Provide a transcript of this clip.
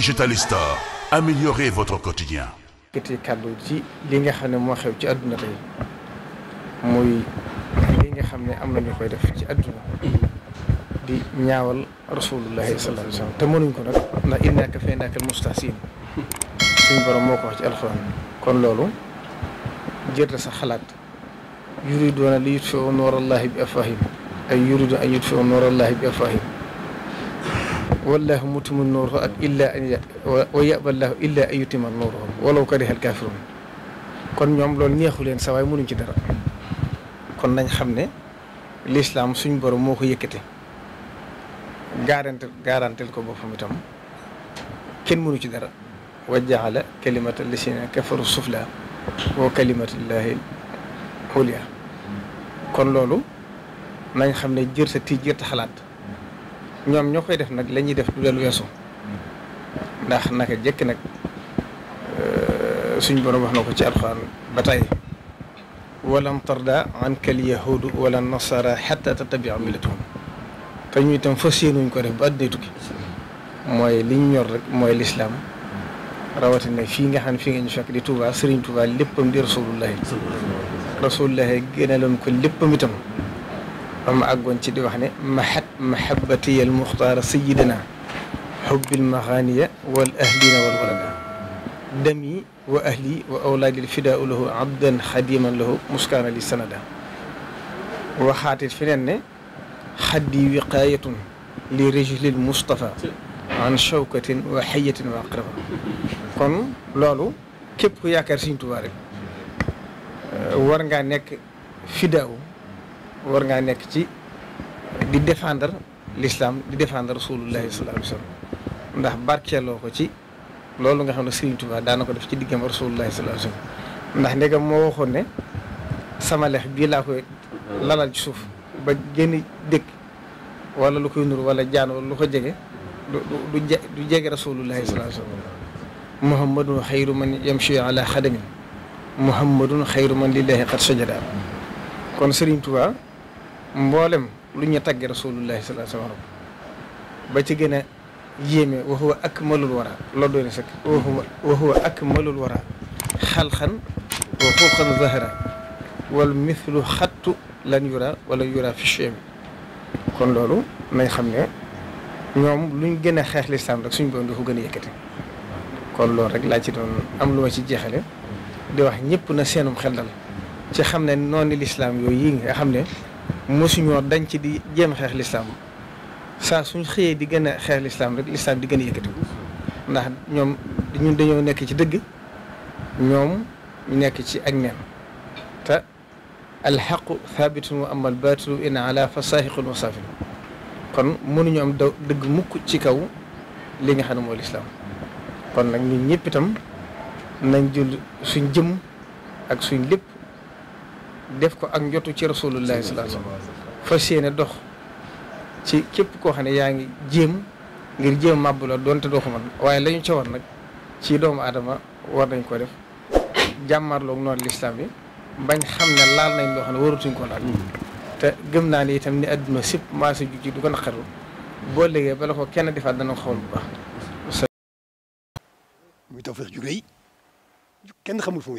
Digital Store améliorez votre quotidien. yëkkati li nga xam ne moo ci àdduna tey muy nga xam ne am na ñu koy def ci àdduna di ñaawal rasulullahi sallallahu alayhi wa sallam te mënuñ ko nag ndax innaaka faynaakal mustahsin suñ borom moo ko wax ci alxuraan kon loolu jërta sa xalaat yuriduuna li yutfiu noor allahi bi afwahim ay yuridu an yutfiu noor allahi bi afwahim wallahu mutimu nuuru ak illa an wa yaba allahu illa an yutima nuuruhum walaw kariha kon ñoom loolu neexu leen sa waay mënuñ ci dara kon nañ xam ne lislaam suñ borom moo ko yëkkate gaaranteel gaaranteel ko boppam itam kenn mënu ci dara wa jaala kalimata lisina kafaru sufla wa kalimatullahi hulia kon loolu nañ xam ne jër sa tii xalaat ñoom ñoo koy def nag la ñuy def du leen weesu ndax naka jëkk nag suñ borom wax na ko ci alxuraan ba tey walan tarda anka alyahudu wala nasara xata tattabia millatahum te ñu itam fas yéenuñ ko def ba àddina tukki mooy li ñu ñor rek mooy lislaam rawatina fii nga xam ne fii nga ñu fekk di Touba Serigne Touba léppam di rasulullahi rasulullahi gënaloon ko léppam tam ba ma àggoon ci di wax ne mahat mahabbatiya al muxtaara sayidina xubbil maxaaniya wal ahlina wal walada dami wa ahli wa awlaadil fidaau lahu abdan xadiman lahu muskaana li sanada waxaatit feneen ne xaddi wiqaayatun li rijlil mustafa an shawkatin wa xayatin wa aqraba kon loolu képp ku yaakaar Sëriñ Tuubaa rek war ngaa nekk fidaaw war ngaa nekk ci di défendre l'islam di défendre rasulullahi sallallahu alayhi wa sallam ndax ko ci loolu nga xam ne Serigne Touba ko def ci diggam rasulullahi sallallahu alayhi ndax ndegam moo waxoon ne sama lex bii laa koy lalal ci suuf ba génn dëkk wala lu koy nur wala jaan wala lu ko jege du du du jege rasulullahi sallallahu alayhi wa sallam muhammadun xayru man yamshi ala xadamin muhammadun xayru man lillahi qad sajada kon Serigne Touba mboolem lu ñu tagge rasulullahi sallallahu alayhi wa sallam ba ci gën a yéeme wa huwa akmalul wara loolu doone sëkk wa huwa wara xalxan wa xuuxan zahra wal mithlu xattu lan yura wala yura fi chemi kon loolu nañ xam ne ñoom luñ gën a xeex lislaam rek suñ boon di ko gën a yëkkati kon loolu rek laa ci doon am lu ma ci jeexale di wax ñëpp na seenum xel dal ci xam ne noonu lislaam yooyu yi nga xam ne mosuñoo dañ ci di jéem xeex lislaam saa suñ xëyee di gën a xeex lislaam rek lislaam di gën a yëkkati ndax ñoom ñun dañoo nekk ci dëgg ñoom ñu nekk ci ak neen te alxaqu thabitun wa amal batilu in ala fa saahiqun wa saafilun kon mënuñu am dëgg mukk ci kaw li nga xam ne mooy lislaam kon nag ñun ñëpp itam nañ jël suñ jëm ak suñ lépp def ko ak njotu ci rasulullahi sallallahu alayhi wa sallam dox ci képp koo xam ne yaa ngi jéem ngir jéem màbb la doonte doo ko man waaye la ñu ca nag ci doomu aadama war nañ ko def jàmmarloog noonu lislaam bi bañ xam na laal nañ loo xam ne waratuñ ko laal mm-hmm. te gëm naa ni itam ni àdduna sipp maa si jug ci du ko naqaru boo liggéey bala ko kenn defaat dana ko xool bu baax kenn xamul fu mu